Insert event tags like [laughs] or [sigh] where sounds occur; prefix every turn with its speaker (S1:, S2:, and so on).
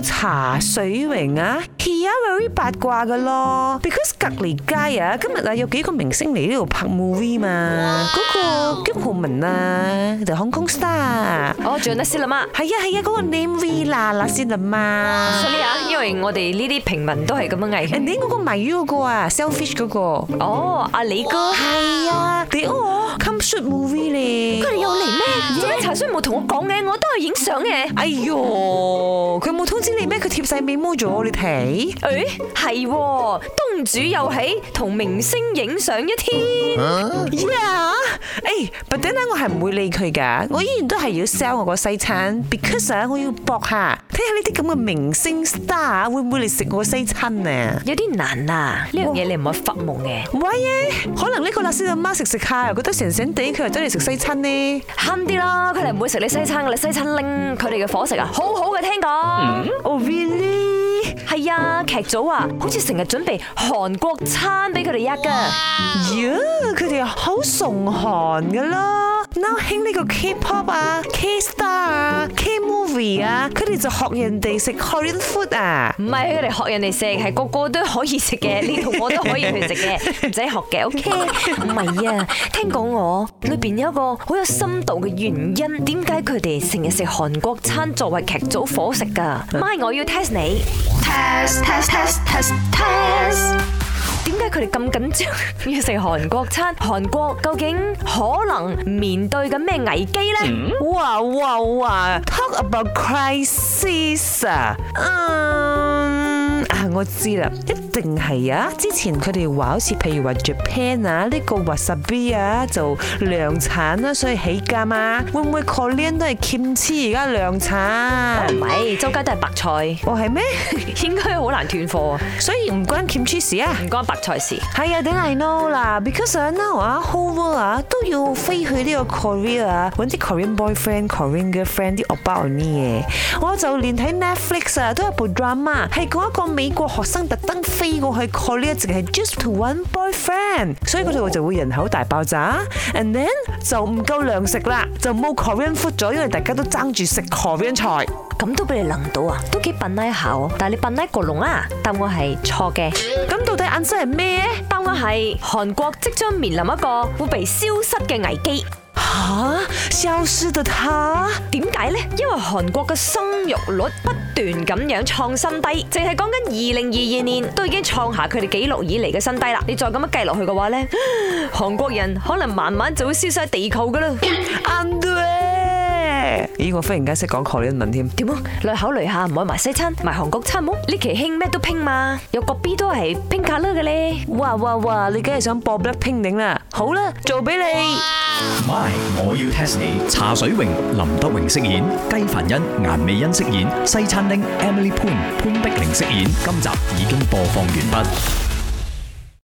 S1: 茶水榮啊，hea very 八卦噶咯，because 隔籬街啊，今日啊有幾個明星嚟呢度拍 movie 嘛，嗰個姜浩文啊，就 Hong Kong star，哦，就那些啦嘛，係啊係啊，嗰個 name V 啦，那些啦嘛，所以啊，因為我哋呢啲平民都係咁樣危險，你嗰個賣魚嗰個啊，selfish 嗰個，哦，阿李哥，係啊，嚟哦，come shoot movie 咧，佢哋又嚟咩嘢？茶水冇同我講嘅，我都係影相嘅，哎喲，佢冇通知。知你咩？佢貼晒面模咗，你睇？誒，係東主又喺同明星影相一天，呀！誒，Butterfly 我係唔會理佢噶，我依然都係要 sell 我個西餐，because 我要搏下，睇下呢啲咁嘅明星 star 會唔會嚟食我西餐啊？有啲難啊！呢樣嘢你唔可以發夢嘅。喂，可能呢個律師阿媽食食下，覺得神神地，佢又走去食西餐咧。慳啲啦，佢哋唔會食你西餐噶啦，你西餐拎佢哋嘅伙食啊，好好嘅聽講。哦、oh,，really？係啊，劇組啊，好似成日準備韓國餐俾佢哋食噶。呀 Wow.、yeah,，佢哋好崇韓噶啦，now 興呢個 K-pop 啊，Kiss。Pop, 佢哋就學人哋食韓國 food 啊？唔係佢哋學人哋食，係個個都可以食嘅，你同我都可以去食嘅，唔使學嘅，OK？唔係啊，聽講我裏邊有一個好有深度嘅原因，點解佢哋成日食韓國餐作為劇組伙食㗎？媽，媽，我要 test 你。點解佢哋咁緊張要食韓國餐？韓國究竟可能面對緊咩危機咧、嗯？哇哇哇！Talk about crisis 啊！嗯啊，我知啦。定係啊！之前佢哋話好似譬如話 Japan 啊，呢個 wasabi 就量產啦，所以起價嘛。會唔會 Korean 都係 Kimchi 而家量產？唔係，周街都係白菜。哦，係咩？應該好難斷貨。所以唔關 Kimchi 事啊，唔關白菜事。係啊，then I know 啦，because 啊，I know 啊，whole world 啊都要飛去呢個 Korea 啊，揾啲 Korean boyfriend、Korean girlfriend 啲惡包呢嘢。我就連睇 Netflix 啊，都有部 drama 係講一個美國學生特登飛。呢個係 Korean 一直係 just one boyfriend，所以嗰度就會人口大爆炸，and then 就唔夠糧食啦，就冇 Korean food 咗，因為大家都爭住食 Korean 菜，咁都俾你諗到啊，都幾笨拉口，但係你笨拉過龍啊，答案係錯嘅，咁到底眼真係咩咧？答案係韓國即將面臨一個會被消失嘅危機。吓，消失的他。點解呢？因為韓國嘅生育率不斷咁樣創新低，淨係講緊二零二二年都已經創下佢哋紀錄以嚟嘅新低啦。你再咁樣計落去嘅話呢，韓國人可能慢慢就會消失喺地球噶啦。 [laughs] 咦，我忽然間識講概英文添？點啊？你考慮下，唔可以埋西餐，買韓國餐冇？呢期興咩都拼嘛？有個 B 都係拼卡啦嘅咧，哇哇哇！你梗係想搏一拼頂啦？好啦，做俾你。My，我要 test 你。茶水榮，林德榮飾演；雞凡恩，顏美欣飾演；西餐廳，Emily Poon，潘碧玲飾演。今集已經播放完畢。